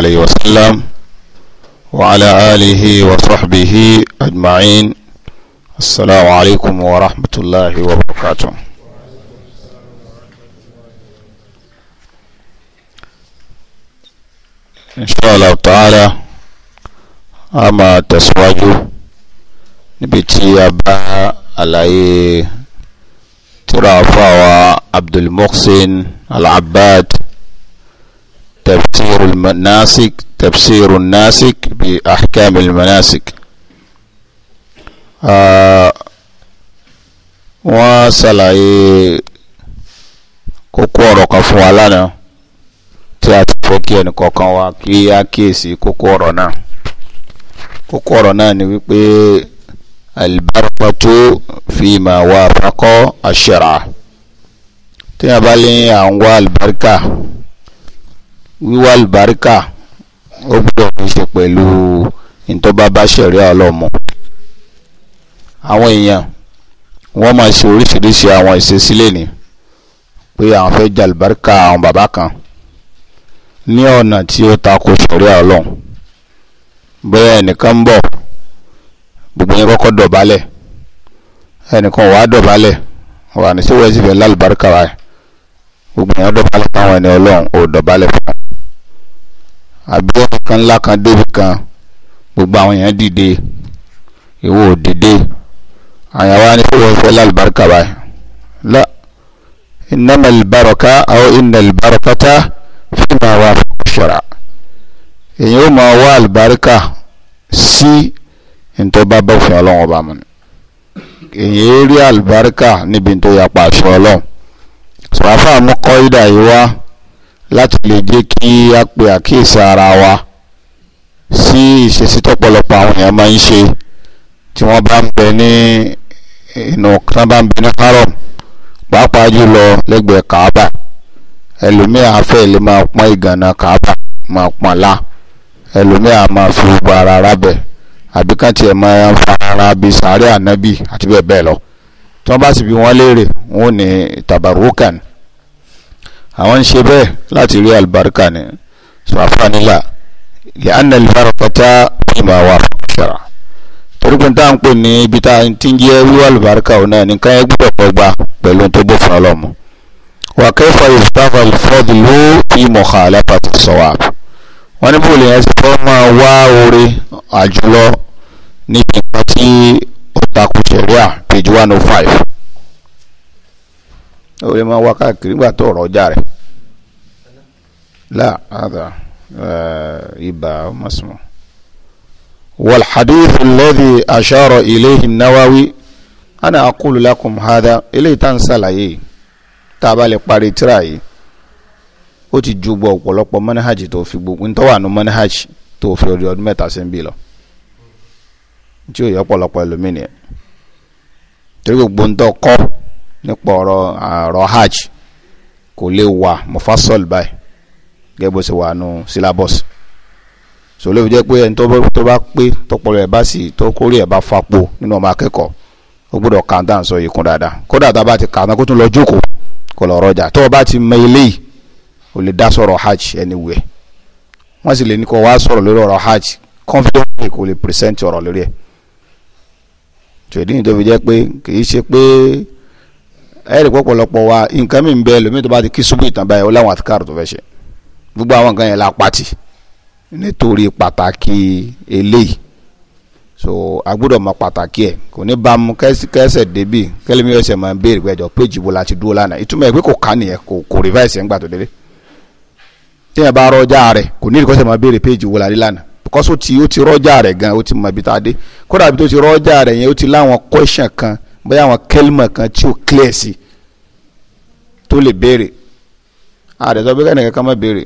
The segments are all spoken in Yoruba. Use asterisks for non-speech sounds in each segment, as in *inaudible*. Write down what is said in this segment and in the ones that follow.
عليه وسلم وعلى آله وصحبه أجمعين السلام عليكم ورحمة الله وبركاته إن شاء الله تعالى أما تسواجه نبتي أبا عليه ترى عبد المحسن العباد تفسير المناسك تفسير الناسك بأحكام المناسك wọ́n ṣàlàyé kókó ọ̀rọ̀ kan fún wa lánàá tí a ti fẹ́ kí ẹnìkọ̀ọ̀kan wa kí á kíyèsí kókó ọ̀rọ̀ náà kókó ọ̀rọ̀ náà ni wípé albarakatu fi ma wà fakọ́ àṣẹ̀rà tí a bá lé à ń wá albarika wíwá àlùbáríkà ó gbọ́dọ̀ ní í ṣe pẹ̀lú ìtọ́ba bá ṣẹ̀ríà ọlọ́mọ àwọn èèyàn wọ́n máa ṣe oríṣiríṣi àwọn ìṣesí lẹ́ni pé àwọn fẹ́ jẹ àlùbáríkà àwọn bàbá kan ní ọ̀nà tí ó tako ṣẹ̀ríà ọlọ́run bóyá ẹnìkan ń bọ̀ gbogbo yẹn kọ́kọ́ dọ̀bálẹ̀ ẹnìkan wàá dọ̀bálẹ̀ wà ní síwájú ìfẹ́ lálùbáríkà wa gbogbo yẹn dọ̀bálẹ̀ táwọn ẹni ọlọ́run ò dọ̀bálẹ̀ fún àbí ọ̀kan ńlá kan débi kan gbogbo àwọn èèyàn dìde ìwọ ò dìde àyàn wa ni kí wọ́n fẹ́ lálùbáríkà báyìí la innama albaraka aw inna albarakata fima wa shara èèyàn ó máa wá àlùbáríkà sí ntọ́ba bá fún ọlọ́run ọba mu èèyàn rí àlùbáríkà níbi tó yapa àṣọ ọlọ́run sọ̀rọ̀ àfàmú kọ́ ìdá yìí wá láti lè jẹ́ kí a pe àkíyèsí ara wa sí ìṣesí tọ́pọ̀lọpọ̀ àwọn èèyàn máa ń ṣe tí wọ́n bá ń bẹ ní inú tán bá ń bẹ ní haram pàápàá jùlọ lẹ́gbẹ̀ẹ́ kaaba ẹlòmíà afẹ́ lè máa pọ́n ìgànnà kaaba máa pọ́n la ẹlòmíà máa fi gbogbo ara rábẹ̀ àbí kàn tiẹ̀ máa ń fara bíi sàárẹ̀ ànábì àti bẹ́ẹ̀ bẹ́ẹ̀ lọ tí wọ́n bá sì bi wọ́n léèrè wọ́n ní tabarukan àwọn ń ṣe bẹ́ẹ̀ láti rí àlùbáríkà ni sọ àfáànílà lè ànà àlùbáríkà ìmọ̀ àwọn àfọ̀ṣẹ́ra torí pé táà ń pè ní ibi tá a ti ń jẹ́ wíwá àlùbáríkà òun náà nìkan ẹ gbọ́dọ̀ pọ̀ gba pẹ̀lú tó bófin ọlọ́mu wà kẹfà ìfúnnáfà ìfọ́dù ló fi mọ̀ọ́kà alápàtì sọ̀wà wọn ní bóòlù yẹn ti fọ́ máa wá oore àjùlọ níbi ìpàtí ó sẹ̀ríà page one oh five ó lè máa wá káàkiri nígbà tó ọ̀rọ̀ ọjà rẹ̀ láà àdà eh, ibà mọ̀sùmọ̀. والحديث الذي أشار إليه النووي أنا أقول لكم هذا إليه تنسى لأيه tábàlẹ̀ parí tíra yìí ó ti ju gbọ́ ọ̀pọ̀lọpọ̀ manhaj tó fi gbogbo ń tọ́wà nù manhaj tó fi ọdún ọdún mẹ́ta sí ń bí lọ tí ó yẹ ọ̀pọ̀lọpọ̀ ẹlòmínì ẹ̀ torí gbogbo ń tọ́ kọ́ nípa ọ̀rọ̀ ọ̀rọ̀ hajj kò lè wà mufasol báyìí gẹ́gẹ́ bó ṣe wà nù syllabus so ló fi jẹ́ pé ẹni tó bá pé tọpọlọ ẹ̀ bá sì tó kórè ẹ̀ bá fapò nínú ọmọ akẹ́kọ̀ọ́ ó gbọ́dọ̀ kàn dáhùn sọ yìí kún dáadáa kódà tá a bá ti kàn án kó tún lọ jókòó kó lọ rọjà tó o bá ti mọ eléyìí o lè dá sọ̀rọ̀ hajj anywhere wọ́n sì lè ní kó wá sọ̀rọ̀ lórí ọ̀rọ̀ hajj confidently kó lè present ọ̀rọ̀ lórí ẹ̀ tòdí tó fi jẹ́ pé kì í ṣe pé ẹ̀rí pọ̀pọ̀lọpọ̀ wa nǹkan mi ń bẹ lómi tó bá ti kí ṣubú ìtàn báyìí ó láwọn àtikáàrò tó fẹ́ ṣe gbogbo àwọn nǹkan yẹn la pati nítorí pàtàkì eléyìí so a gbọ́dọ̀ mọ pàtàkì ẹ̀ kò ní bá mu kẹ́sẹ̀ débì kẹ́lẹ́mi ẹsẹ̀ máa ń béèrè pẹ́jọ péjì wo la ti dúró lánàá ìtumọ̀ ẹ̀ pé kò ká nìyẹn kò kò rìváìsì ẹ̀ ń gbà tó délé tí yẹn bá rọjá rẹ̀ kò ní ìdíkọ́sẹ̀ máa béèrè péjì wo la rí lánàá kọ́sọ́ tí ó ti rọ́jà rẹ̀ gan ó ti mọ ibi tá a dé kódà ibi tó ti rọ́jà rẹ̀ yẹn ó ti láwọn question kan bóyá àwọn kẹ́lìmọ̀ kan tí ó clear sí tó lè béèrè àdẹ̀sọ́ pé kẹ́nìkan kan má béèrè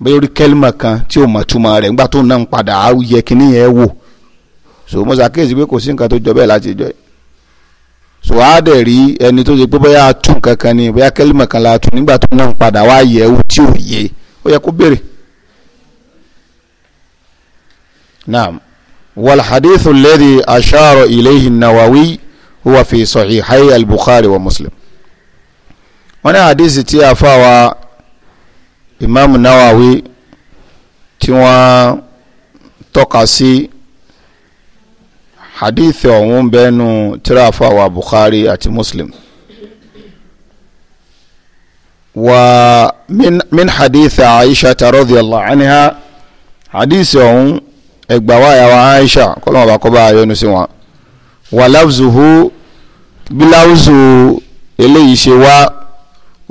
bóyá orí kẹ́límà kan tí ò mọ̀ túmọ̀ rẹ̀ ńgbà tó náà ń padà á yẹ kíní yẹn wò so mo ṣàkíyèsí pé kò sí nǹkan tó jọ bẹ́ẹ̀ láti jọ so a dẹ̀ rí ẹni tó ṣe pé bóyá a kankan ni bóyá kẹ́límà kan la tún nígbà tó náà ń padà wá yẹ wò tí ò yẹ ó yẹ kó béèrè. naam walhadithu alladhi ashara ilayhi an-Nawawi huwa fi sahihay al-Bukhari wa Muslim wọ́n ní àdísì tí àfáwa ìmáàmù náwàwí tí wọ́n tọ́ka sí hadithi ọ̀hún bẹ́ẹ̀nu tíra àfáwa Bukhari àti Muslim wa min, min hadithi Aisha radhiyallahu anha hadithi ọ̀hún ẹgbàwá yàwá Aisha kọ́lọ́mọ̀ bá kọ́ bá yọnu sí wọn wa lafzuhu bí láwùzù eléyìí ṣe wá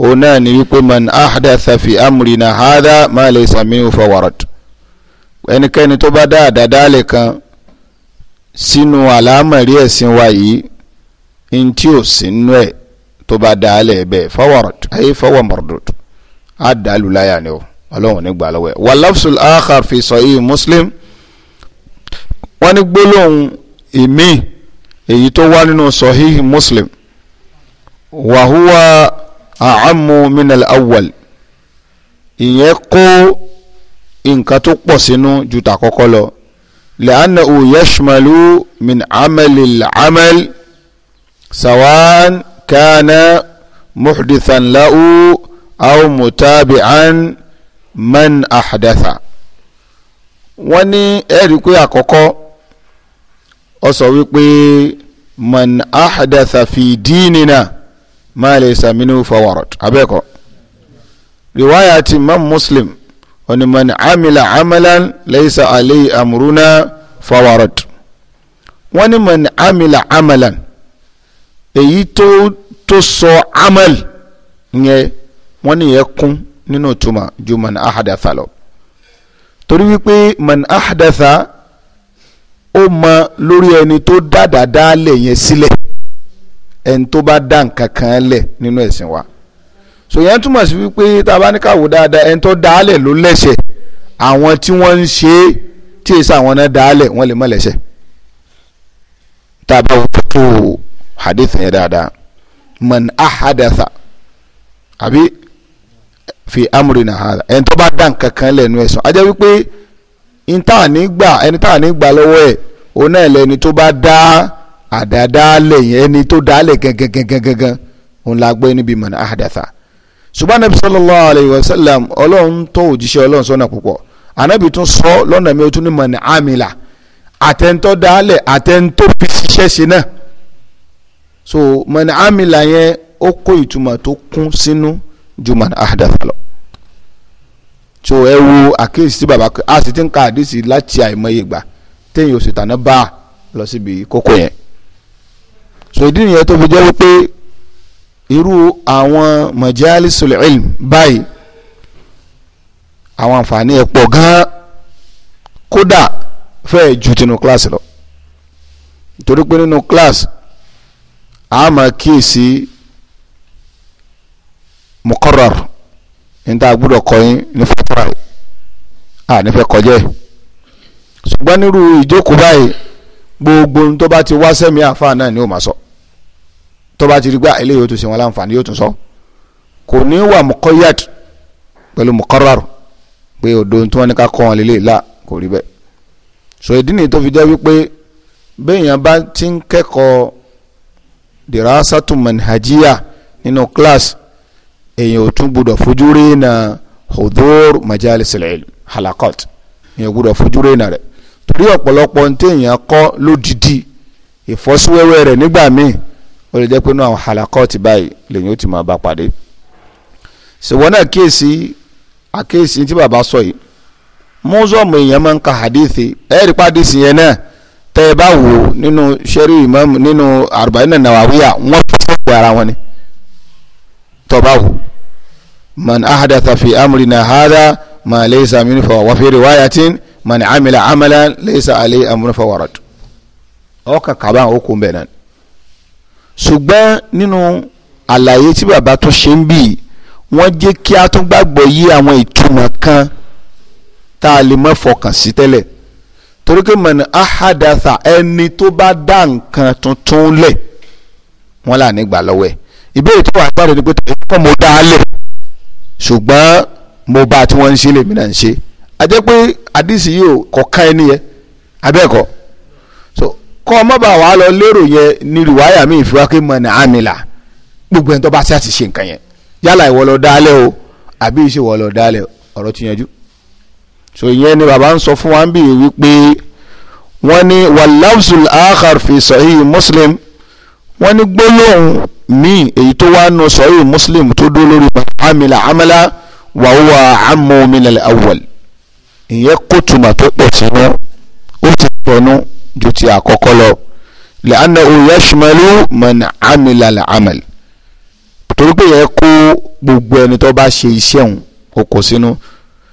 òun náà ni wípé man ahdatha fi amrina hadha ma laysa minhu fawarad ẹnikẹ́ni tó bá dá àdádálẹ̀ kan sínú àlámọ̀rí ẹ̀sìn wa yìí in tí ò sí nú ẹ̀ tó bá dá alẹ̀ bẹ́ẹ̀ fawarad ayé fawa mardud á dá lùláyà ni o ọlọ́run ní gbà ẹ̀ wà lafsul akhar fi sahih muslim wọ́n ní gbólóhùn ìmí èyí tó wá nínú sahih muslim wàhúwà a'ammu minal awwal ìyẹn kó nǹkan tó pọ̀ sínú ju tàkọ́kọ́ lọ li'annahu yashmalu min amali al-amal sawan kana muhdithan lahu aw mutabi'an man ahdatha wọ́n ní ẹ̀rí pé àkọ́kọ́ ó sọ wípé man ahdatha fi dínina ma laysa minhu fawarad abẹ́ẹ̀kọ́ riwaya ti imam muslim oni man amila amalan laysa alayhi amruna fawarad wọ́n ní man amila amalan èyí tó tó sọ amal yẹn wọ́n ní yẹn kún nínú tuma ju man ahadatha lọ torí wípé man ahadatha ó mọ lórí ẹni tó dáadáa lè yẹn sílẹ̀ ẹni tó bá dá nǹkan kan lẹ̀ nínú ẹ̀sìn wa sòyẹn túmọ̀ sí wípé tá a bá ní ká wò dáadáa ẹni tó dá lẹ̀ ló lẹ́sẹ̀ àwọn tí wọ́n ń ṣe é tí èsì àwọn náà dá lẹ̀ wọ́n lè má lẹ́sẹ̀ tá a bá wò tó hadith yẹn dáadáa man ahadatha àbí fi amrina hadha ẹni tó bá dá nǹkan kan lẹ̀ nínú ẹ̀sìn ajẹ́ wípé ní tá à ẹni tá à ní gbà lọ́wọ́ ẹ̀ òun náà lẹni tó bá dá àdádálẹ̀ yẹn ẹni tó dálẹ̀ gangan òun la gbé níbi mọ̀nà àdàtà ṣùgbọ́n anabi sallallahu alayhi wa sallam ọlọ́run tó òjíṣẹ́ ọlọ́run sọ́nà púpọ̀ anabi tún sọ lọ́nà mi ó tún ní mọ̀nà àmìlà àtẹ̀ntọ́ dálẹ̀ àtẹ̀ntọ́ fi ṣiṣẹ́ ṣe náà so mọ̀nà àmìlà yẹn ó kó ìtumọ̀ tó kún sínú ju mọ̀nà àdàtà lọ so ẹ wo àkíyèsí tí baba a sì ti ń ka àdìsí láti àìmọye ìgbà téèyàn ò sì tàná bá a lọ síbi kókó yẹn so ìdí nìyẹn tó fi jẹ́ wípé irú àwọn majalisul ilm báyìí àwọn àǹfààní ẹ̀ pọ̀ gan-an kódà fẹ́ẹ̀ ju tinú kíláàsì lọ torí pé nínú kíláàsì a máa kíyèsí muqarrar níta gbọ́dọ̀ kọyín ní fatara a nífẹ̀ẹ́ kọjá ẹ̀ ṣùgbọ́n nírú ìjókòó báyìí gbogbo ohun tó bá ti wá sẹ́mi àfa náà ni ó máa sọ tó bá ti rí gbà ah, eléyìí ó tún ṣe wọn láǹfààní yóò tún sọ kò ní wà mọ̀kọ́yàd pẹ̀lú mọ̀kọ́rọ̀rù pé odò tí wọ́n ní ká kọ́ wọn lélẹ̀ là kò rí bẹ́ẹ̀ so ìdí nìyí tó fi jẹ́ wípé béèyàn bá ti ń kẹ́kọ̀ọ́ dirasatu manhajiya nínú kíláàsì èèyàn ò tún gbọdọ̀ fojú rí na hudur majalis al-ilm halakot èèyàn gbọdọ̀ fojú rí na rẹ̀ torí ọ̀pọ̀lọpọ̀ ntẹ̀yìn akọ́ lódìdí ìfọ́síwẹ́wẹ́ rẹ̀ nígbà míì ó lè jẹ́ pé náà halakọ́ọ̀tì báyìí lèyìn ó ti máa bá pàdé ṣùgbọ́n náà kíyèsí àkíyèsí tí bàbá sọ yìí mọ́sọ̀mù èèyàn máa ń ka hadithi ẹ̀ẹ́dì pàdísì yẹn náà tẹ́ ẹ bá wò nínú sẹ́rí ìmọ̀mù nínú àrùbáyìn nàwáwíyà wọ́n fi sọ́ọ̀bù ara wọn ni tọ́ba wò man ahadatha fi amrina hadha ma laysa minhu fa wa fi riwayatin man amila amalan laysa alayhi amrun fa warad ọkà kaba okùn bẹ́ẹ̀ náà ṣùgbọ́n nínú àlàyé tí bàbá tún ṣe ń bì wọ́n jẹ́ kí a tún gbàgbọ́ yé àwọn ìtumọ̀ kan tá a lè mọ́ fọkàn sí tẹ́lẹ̀ torí pé mọ̀nà ahadatha ẹni tó bá dá nǹkan tuntun lẹ̀ wọ́n là nígbà lọ́wọ́ ẹ̀ ìbéèrè tó wà sáré ni pé èyí kọ́ mo dá a lẹ̀ ṣùgbọ́n mo bá tí wọ́n ń ṣe lèmi náà ń ṣe a àdìsí yìí ò kọ̀ọ̀kan ẹni yẹn abẹ́ẹ̀kọ́ kọ́ ọ mọ́bà wàá lọ lérò yẹn ní rìwáyà mi ìfiwákẹ́ mọ̀ ní àmìlà gbogbo ẹni tó bá ṣe àti ṣe nǹkan yẹn yálà ìwọ lọ dálẹ̀ o àbí ìṣe ìwọ lọ dálẹ̀ ọ̀rọ̀ ti yanjú. so ìyẹn ni bàbá ń sọ fún wa ń bì wípé wọ́n ní wàláfùsùl akhar fi sọ̀hí muslim wọ́n ní gbólóhùn míì èyí tó wá nù sọ̀hí muslim tó dó lórí àmìlà àmàlà wàhùwà àmọ́ min al-awwal ìyẹn kó tuma tó pọ̀ sínú ó ti pọ̀ nù ju ti àkọ́kọ́ lọ li'annahu yashmalu man amila al-amal torí pé yẹ kó gbogbo ẹni tó bá ṣe iṣẹ́ òun o kò sínú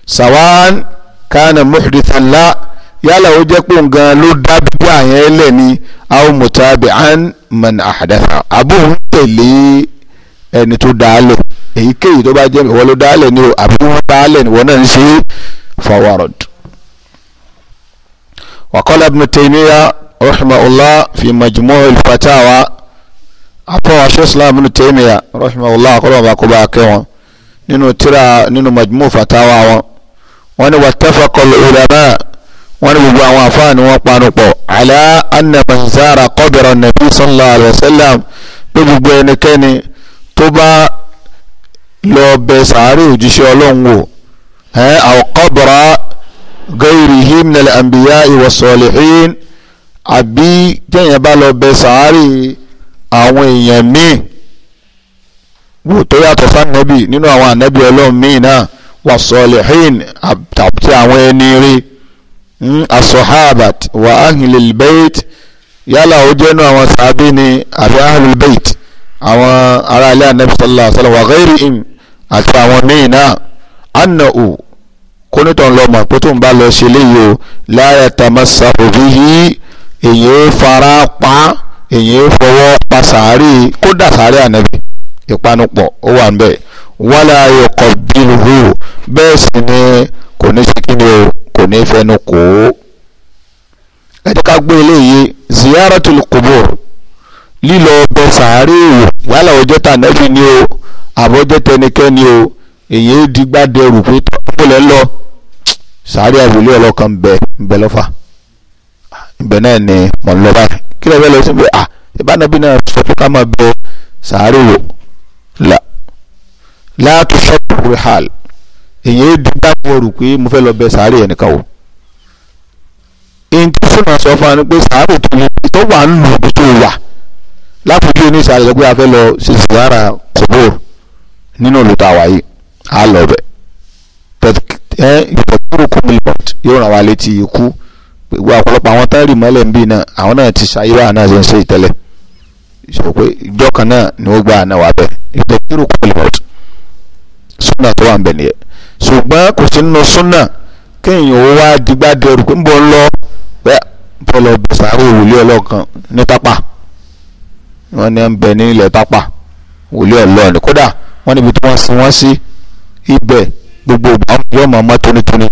sawan kana muhdithan la yálà ó jẹ́ pé nǹkan ló dá bíbí àyẹn lẹ̀ ni aw mutabi'an man ahdatha àbóhùn tẹ̀lé ẹni tó dálẹ̀ èyíkéyìí tó bá jẹ́ ìwọ ló dálẹ̀ ni o àbí wọ́n dálẹ̀ ni wọ́n náà ń ṣe fọwọ́rọ̀dù. وقال ابن تيمية رحمه الله في مجموع الفتاوى أبو شيخ الإسلام ابن تيمية رحمه الله قال ما كباكيون نينو ترى نينو مجموع فتاوى وأن واتفق العلماء وأن وافان وقانقوا على أن من زار قبر النبي صلى الله عليه وسلم بوا نكني تبا لو بساري وجيشي ألونغو ها أو قبر gairihi من الأنبياء والصالحين أبي كان àbí téèyàn bá lọ bẹ sàárì àwọn èèyàn míì wò tó yàtọ̀ sànẹ́bì nínú àwọn ànẹ́bì ọlọ́run míì náà wà sọ̀lẹ̀hìn àti àwọn ẹni rí hmm, asọ̀hábàt wà ahlil bait yálà ó jẹ́nu àwọn sàábì ni àbí ahlil àwọn ará ànẹ́bì sallallahu alaihi wasallam wà ghairihim àti àwọn míì náà annahu kónítàn lọ mọ̀ pé tó ń bá lọ ṣe léyìí o láyà tàmásà òbí yìí èyí ó fara pa èyí ó fọwọ́ pa sàárì kódà sàárì ànábì ìpanupọ̀ ó wà níbẹ̀ wálé ayò kọ̀bílùú bẹ́ẹ̀ sì ni kò ní ṣe kíni o kò ní fẹnu kò ó. ẹ jẹ́ ká gbé eléyìí ziyaratul qubur lílọ ọbẹ̀ sàárì wò yálà ọjọ́ tànábì ni o àbọ̀jẹ́ tẹnikẹ́ni o èyí ó di gbàdẹrù pé tọ́kọ́ lẹ́ lọ sáré àwòlé ọlọ́kan bẹ ńbẹ lọ́fà ńbẹ náà ni mọ̀ ń lọ báyìí kí lè fẹ́ lọ sí pé à ìbánabí náà sọ pé ká máa bẹ sáré wò là láàtú sọ́ọ̀tù rihal èyí ó di gbàdẹrù pé mo fẹ́ lọ bẹ sáré ẹnìkan wò ìǹtí sì máa sọ fún wa ni pé sáré tó wà ń lù tó wà láfojú oníṣàlẹ̀ pé a fẹ́ lọ ṣe sàárà kòbóòrò nínú olùtàwá yìí á lọ bẹ̀ ìfọ̀túrò kú mi lọ yóò ràn wá létí ikú gbogbo àpọ̀lọpọ̀ àwọn tán rì mọ́lẹ̀ ń bì náà àwọn náà ti ṣayé báà náà ṣe ń ṣe ìtẹ́lẹ̀ sọ pé ìjọ kan náà ni ó gba àná wà bẹ̀ ìfọ̀túrò kú mi lọ súnà tó wà ń bẹ̀ nìyẹn ṣùgbọ́n kò sí nínú súnà kéèyàn ó wá digbá dẹrù pé ń bọ̀ ń lọ bẹ́ẹ̀ bọ́ lọ bẹ̀ ọlọ́kan ní tápà wọ́n ní ń bẹ ní tápà wòlíì ọlọ́ọ̀ni kódà wọ́n níbi tí wọ́n sin wọ́n sí ibẹ̀ gbogbo ìgbà wọn yóò mọ̀ ọmọ tónítóní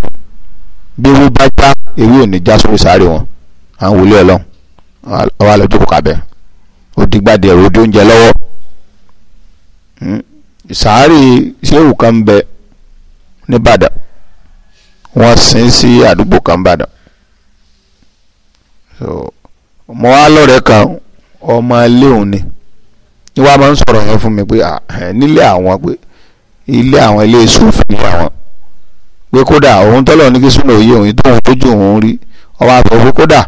bí ewu bá já ewé òní ní já sórí sáré wọn à ń wòlé ọlọ́run ọwọ́ àlọ́ jókòó kábẹ́ òdìgbàdì ẹ̀rọ ojú oúnjẹ lọ́wọ́ hmm? sàárì ṣéwù kan ń bẹ nìbàdàn wọn sin sí àdúgbò kan nìbàdàn mo wá lọ́rẹ̀ẹ́ kan ọmọ ilé òun ni wọ́n máa ń sọ̀rọ̀ yẹn fún mi pé nílé àwọn pé ilé àwọn ilé sòfin àwọn pé kódà òun tọ́lọ̀ ní kí súnà òye òun tó òun lójú òun rí ọba àtọ̀ pé kódà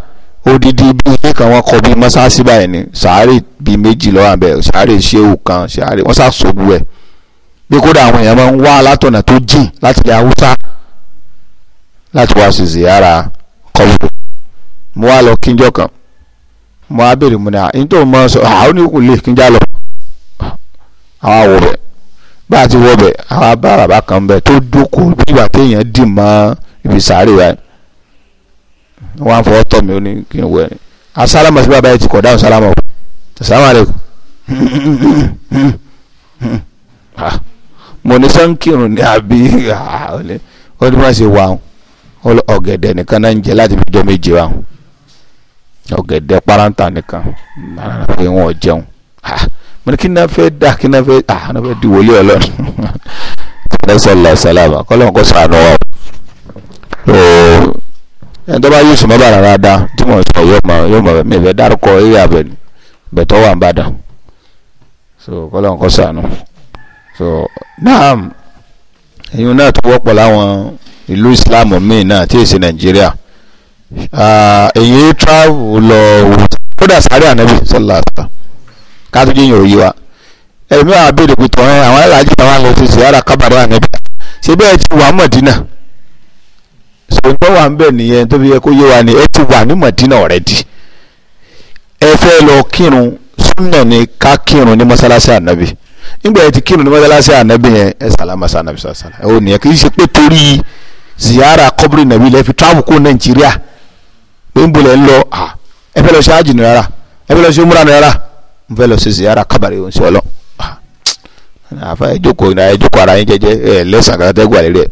odidi bí ilé kan wọn kọ bí mọ́sáàsì báyìí ni sàárè bí méjì lọ́wọ́ àbẹ̀ sàárè ṣéwù kan sàárè wọ́n ṣàṣọ́gbù ẹ̀ pé kódà àwọn èèyàn máa ń wá látọ̀nà tó jìn láti ilẹ̀ haúsá láti wá sí ziyara kọ́bù mo wá lọ kíjọ kan mo wá béèrè mo ní à ń tó mọ sọ àwọn oníkùn lè kíjà lọ àwọn àwòrán bá a ti wọ bẹ̀ àwa bá bàbá kan bẹ̀ tó dúkù nígbà téèyàn dì mọ́ ibi sáré wa wọn fọwọ́ tọ̀ mí ó ní kí n wẹ̀ asálàmù sí bàbá yẹn ti kọ̀ dáhùn sálàmù sàmàlẹ́kù *laughs* ah, mo ní sọ́ńkìrùn ní àbí ah, ó ní má ṣe wà ó ọ̀gẹ̀dẹ̀ nìkan náà ń jẹ láti fi jọ méje wa ọ̀gẹ̀dẹ̀ parántà nìkan pé wọn jẹun ha. Ah, mo ní kí náà fẹ́ dà kí náà fẹ́ ah náà fẹ́ di wòlíì ọlọ́run alẹ́sọ̀lá sàlámà kọ́lọ́n kó sànù wa o ẹni tó bá yóò sùn mọ́ bàrà dáadáa tí mo sọ yóò mọ yóò mọ mi fẹ́ dárúkọ eré abẹ bẹ̀tọ́ wà ń bàdàn so kọ́lọ́n kó sànù so naam ẹ̀yin náà tó wọ́pọ̀ láwọn ìlú Islam míì náà tí èsì Nàìjíríà èyí travel lọ kódà sáré ànábì sọlá sọlá káàtó jẹ́ yòòyì wa ẹ̀mí àwọn abéèrè pé tọ̀ ẹ́ àwọn aláàjì náà wà lọ sí sèyára kábàárẹ̀ ànẹ́bí ṣé bẹ́ẹ̀ ti wà mọ̀dínà sọ̀tọ́ wà ń bẹ̀ nìyẹn tó fi yẹ kó yé wa ni ẹ ti wà ní mọ̀dínà ọ̀rẹ́dì ẹ fẹ́ lọ kírun súnà ni ká kírun ní mọ́sálásí ànábì nígbà yẹn ti kírun ní mọ́sálásí ànábì yẹn ẹ sàlámà sànàbì sàlá ẹ ò nìyẹn kì í ṣe pé torí ziyara kọ́bùrì nàbí lẹ́fi travel kó nàìjíríà pé ń bolẹ̀ ń lọ ẹ fẹ́ lọ ṣe àjìnnì rárá ẹ fẹ́ lọ ṣe múra mo fẹ́ lọ ṣe ziyara kábàárì òun sí ọlọ́ ah, àfa ìjókòó ìnáyà ìjókòó ara yín jẹ́jẹ́ ẹ̀ lẹ́sàn kan tẹ́gùn àlẹ́ rẹ̀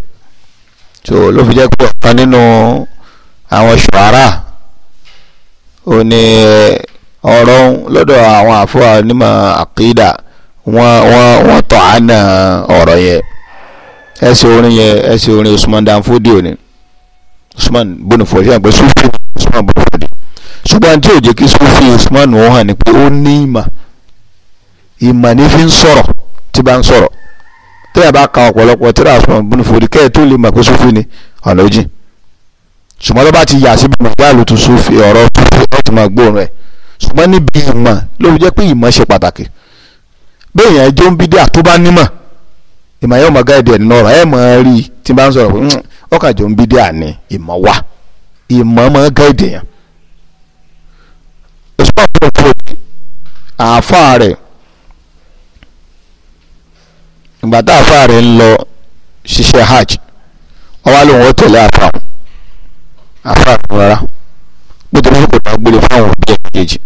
so ló fi jẹ́ pé ọ̀kan nínú àwọn ṣùárà ò ní eh, ọ̀rọ̀ lọ́dọ̀ àwọn àfọ onímọ̀ àkídà wọ́n wọ́n wọ́n tọ̀ á nà ọ̀rọ̀ yẹn ẹsẹ̀ orin yẹn ẹsẹ̀ orin Usman Danfodiyo ni Usman bonifodi àgbẹ̀ sufi Usman bonifodi ṣùgbọ́n tí ò jẹ́ kí school fee Usman ó hàn ni pé ó ní ìmọ̀ ìmọ̀ ní fi ń sọ̀rọ̀ tí bá ń sọ̀rọ̀ tí a bá ka ọ̀pọ̀lọpọ̀ tí a sọ̀rọ̀ bùnú fòrí kẹ́ẹ̀ tó lè mọ̀ pé sófin ni ọ̀nà ojì ṣùgbọ́n tó bá ti yà síbi mọ̀ gbáàlú tó sófin ọ̀rọ̀ sófin ọ̀tún máa gbóòórùn ẹ̀ ṣùgbọ́n níbi ìmọ̀ ló fi jẹ́ pé ìmọ̀ ṣe pàtàkì bẹ́ẹ̀ yẹn jó ń bí dé àtó bá nímọ̀ yẹn èsùpá fún òkú àáfàá rẹ̀ ìgbà tá àáfàá rẹ̀ ń lọ ṣiṣẹ́ hajj wọ́n wá lóun ó tẹ̀lé àáfàá àáfàá rẹ̀ rárá nítorí kò bá gbélé fáwọn òbí ẹ̀ méjèèjì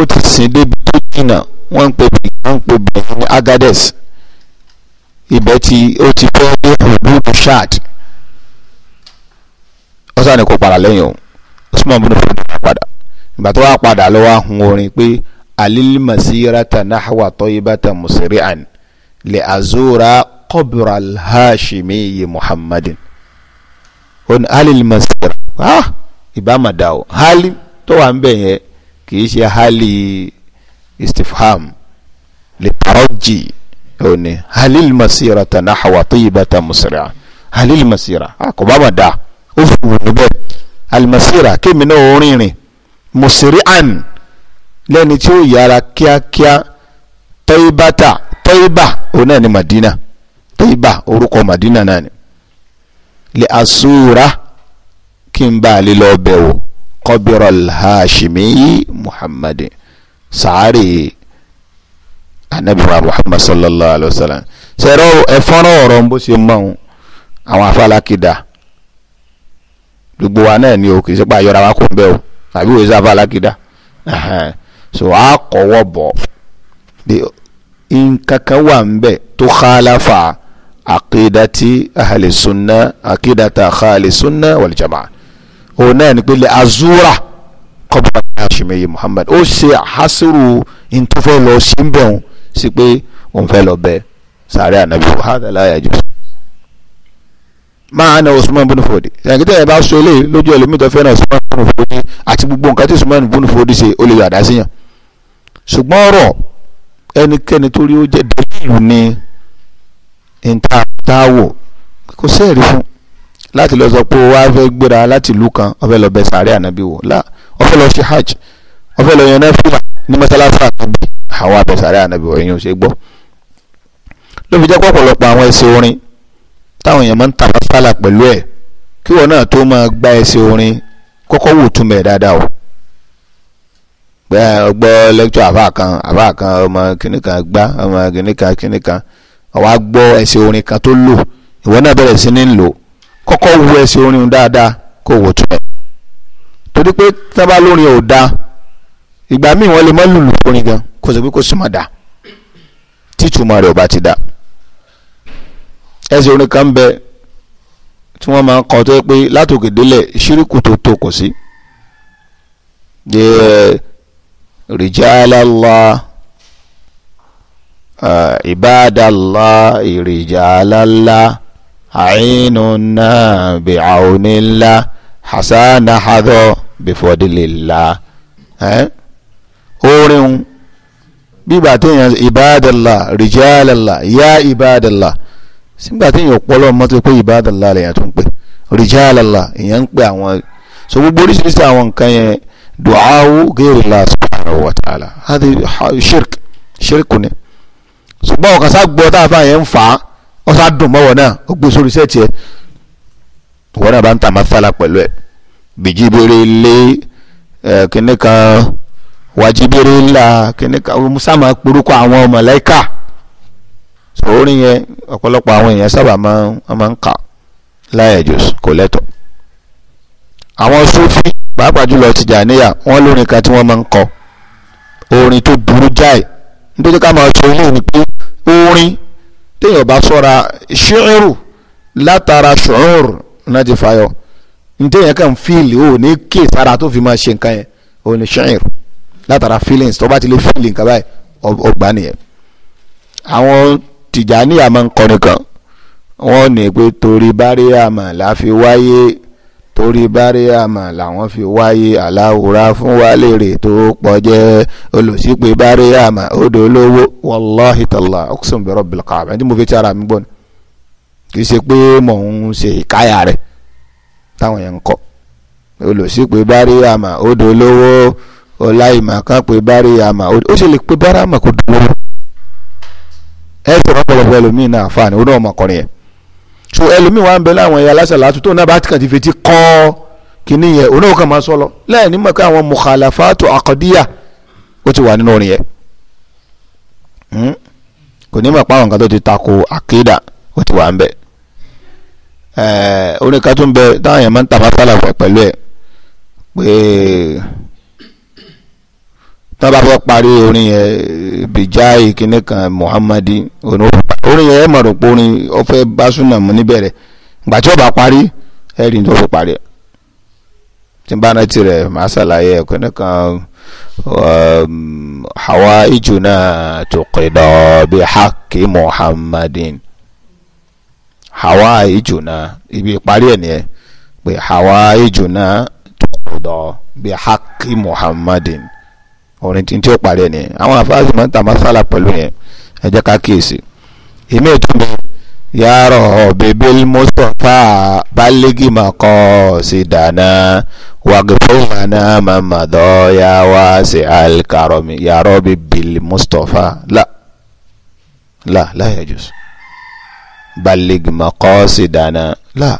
ó ti sìn débi tó jìnnà wọ́n ń pè wọ́n ń pè bẹ̀rẹ̀ ní Agades ibẹ̀ tí ó ti fẹ́ dé hududu Shad ọ̀sán ni kò padà lẹ́yìn o Usman bin Fọdù padà ìgbà tó wá padà lọ wá hun orin pé alimasirata nahwa toyibata musiri'an le azura qabra alhashimiyi muhammadin on alimasira ah ìbámadà o hali tó wà ń bẹ̀ yẹn kì í ṣe hali istifham le tarọ́jì oni halil masira tanahawa tiyibata musira halil masira kò bá ma da ó fi wù ú bẹ́ẹ̀ alimasira kémi náà rìnrìn musiri'an lẹ́ni tí ó yára kíákíá tẹ́ibátà tẹ́ibà òun náà ni madina tẹ́ibà orúkọ madina náà ni lè asúra kí n bá a lè lọ bẹ̀wò kọ́bírọ̀ alhashimi muhammad sàárè anabi wa muhammad sallallahu alayhi wa sallam sẹ́rọ ẹ̀fọ́nrán ọ̀rọ̀ bó ṣe mọ̀ ọ́n àwọn afálákìdá gbogbo wa náà ni o kì í ṣe pé àyọ̀ra wa kò ń bẹ́ àbí òye sáfà alákìdá so a kọwọ́ bọ̀ nkankan wà ń bẹ̀ tó khalafa àkìdàtì ahli sunna àkìdàtà ahli sunna wal jamaa òun náà ni pé lè azura kọ́bà aṣèméyí Muhammad ó ṣe àhásírù ntọ́fẹ́ lọ sí bẹ́ẹ̀ sí pé òun fẹ́ lọ bẹ́ẹ̀ sàárẹ̀ ànábì wàhálà láyàjú máa na Usman bin Fodi ṣàǹkìtẹ́ ẹ̀ bá sọ eléyìí lójú ẹlòmíì tó fẹ́ràn Usman bin Fodi àti gbogbo nǹkan tí Usman bin Fodi ṣe ó lè yọ àdá síyàn ṣùgbọ́n ọ̀rọ̀ ẹnikẹ́ni torí ó jẹ́ dẹ́yìn ní ìtaàwò kò sẹ́ẹ̀rí fún láti lọ sọ pé wàá fẹ́ gbéra láti ìlú kan ó fẹ́ lọ bẹ sàárẹ̀ ànábì wò lá ó fẹ́ lọ ṣe hajj ó lọ yan náfìlà ní mọ́sálásí àtàbí àwọn abẹ ànábì wò ẹ̀yin ò ṣe gbọ́ ló fi jẹ́ pọ̀pọ̀lọpọ̀ àwọn ẹ̀sìn orin táwọn èèyàn máa ń tàbá fàlà pẹ̀lú ẹ̀ kí wọn náà tó máa gba ẹsẹ̀ orin kọ́kọ́ wò tún bẹ̀ dáadáa o gbẹ ọgbọ lẹ́kítọ̀ àbá kan àbá kan ọmọ kìnnì kan gbá ọmọ kìnnì kan kìnnì kan ọwọ́ agbọ́ ẹsẹ̀ orin kan tó lò ìwọ náà bẹ̀rẹ̀ sí ní lò kọ́kọ́ wo ẹsẹ̀ orin dáadáa kó wò tún ẹ̀ torí pé tábà lórin ò da ìgbà míì wọ́n lè mọ́ lùlù orin gan kó sọ pé kó súnmọ́ da títúmọ̀ da ẹsẹ̀ orin kan bẹ tí wọ́n máa ń kọ́ tó yẹ pé látòkè délẹ̀ ṣíríkù tó tó kò sí. rijalallah eh, ibadallah rijalallah ainuna bi'aunillah hasana hadọ bifọdilillah. Eh? orin bíbà téèyàn ibadallah rijalallah ya ibadallah sígbà tí èèyàn pọ́ lọ́wọ́ mọ́tò pé ibadallah lèèyàn tó ń pè rijalallah èèyàn ń pè àwọn so gbogbo oríṣiríṣi àwọn nǹkan yẹn du'awu ghayrillah subhanahu wa ta'ala hadi shirk shirk ni ṣùgbọ́n ọ̀kan sá gbọ́ tá a fà yẹn ń fà á wọ́n dùn mọ́wọ́ náà ó gbé sórí iṣẹ́ tiẹ̀ wọ́n náà bá ń ta masala pẹ̀lú ẹ̀ bìjìbìrì lé kíní kan wàjibìrì ńlá kíní kan musa máa porúkọ àwọn màláíkà sòórí yẹn ọ̀pọ̀lọpọ̀ àwọn èèyàn sábà máa ń kà láyẹ̀jọs kò lẹ́tọ̀ àwọn sufi pàápàá jùlọ tìjàníyà wọ́n lórin kan tí wọ́n máa ń kọ orin tó burú jáì nítorí ká máa sọ ilé ni pé orin téèyàn bá sọ́ra ṣíìrù látara ṣùúrù náà ti fàyọ nítéèyàn kàn fíìlì ò ní kí sára tó fi máa ṣe nǹkan yẹn ò ní látara feelings tó bá ti lè fíìlì nǹkan báyìí ọgbà nìyẹn àwọn Tìjàníyà máa ń kọrin kan wọ́n ní pé torí báríà mà la fi wáyé torí báríà mà làwọn fi wáyé aláwòrán fún wa lèrè tó pọ̀ jẹ́ olùsípè báríà mà odò olówó wàláhi tàlà ọ̀kùsùn bẹ̀rọ̀ bìlọ̀kà àbẹ̀ ẹni tí mo fi ti ara mi gbọ́ ni kì í ṣe pé mò ń ṣe ìkáyà rẹ̀ táwọn yẹn ń kọ́ olùsípè báríà mà odò olówó ọláìmọ̀ kan pé báríà mà ó ṣe lè pé báríà mà kò dùn lọ́wọ́ ẹ ẹ sọ̀rọ̀ ọ̀pọ̀lọpọ̀ ẹlòmíì náà àfààní ó náà ọmọkùnrin yẹn so ẹlòmíì wa ń bẹ láwọn ẹ̀yà aláṣà látú tó náà bá ti kàn ti fetí kọ́ kínní yẹn ó náà kàn máa sọ lọ lẹ́yìn nígbà pé àwọn mukhalafatu akọdíyà ó ti wà nínú orin yẹn hmm? kò ní mọ̀ pé àwọn nǹkan tó ti tako àkídà ó ti wà ń bẹ̀ orin kan tó ń bẹ táwọn èèyàn máa ń tàbátàlà pẹ̀lú ẹ̀ pé tá bá fẹ́ parí orin yẹn bìjá ìkíní kan muhammadi orin yẹn mọ̀rọ̀ pé orin ọ̀fẹ́ basuna mu níbẹ̀rẹ̀ ìgbà tí ó bá parí ẹ̀rìn tó fi parí tí n bá náà tirẹ̀ máa ṣàlàyé ẹ̀kọ́ nìkan um, hawa ijuna tuqidọ̀ bí haki muhammadin hawa ijuna ibi ìparí ẹ̀ nìyẹn pé hawa ijuna tuqidọ̀ bí haki muhammadin ọ̀rìn tí tí ó parẹ́ ni àwọn afáàsì máa ń tà masala pẹ̀lú yẹn ẹ jẹ́ ká kíyèsí èmi ìtumọ̀ yàrá bèbèl mustapha baligi makọ sidana wagifumana mamadọ yawa si alikaromi yàrá bèbèl mustapha la la la yajus baligi makọ sidana la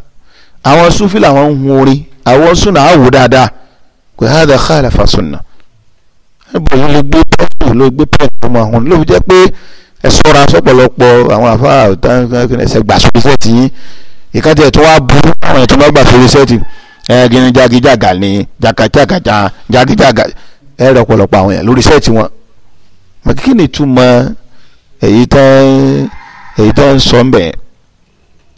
àwọn sufi làwọn ń hun orí àwọn sunna àwò dáadáa kò hádà khalafa sunna ẹ̀bọ̀ yìí ló gbé pẹ́ẹ́pù ló gbé pẹ́ẹ́pù ọmọ àwọn ló fi jẹ́ pé ẹ sọ́ra sọ́pọ̀lọpọ̀ àwọn àfáà ẹsẹ̀ gbà sórí sẹ́ẹ̀tì yín ìkájẹ́ tó wá burú àwọn ẹ̀tọ́ bá gbà sórí sẹ́ẹ̀tì ẹ̀ẹ́dínní jágíjàgà ni jàkàjàgàjà jágíjàgà ẹ̀rọ ọ̀pọ̀lọpọ̀ àwọn yẹn lórí sẹ́ẹ̀tì wọn. kí ni ìtumọ̀ èyí tó ń sọ ń bẹ̀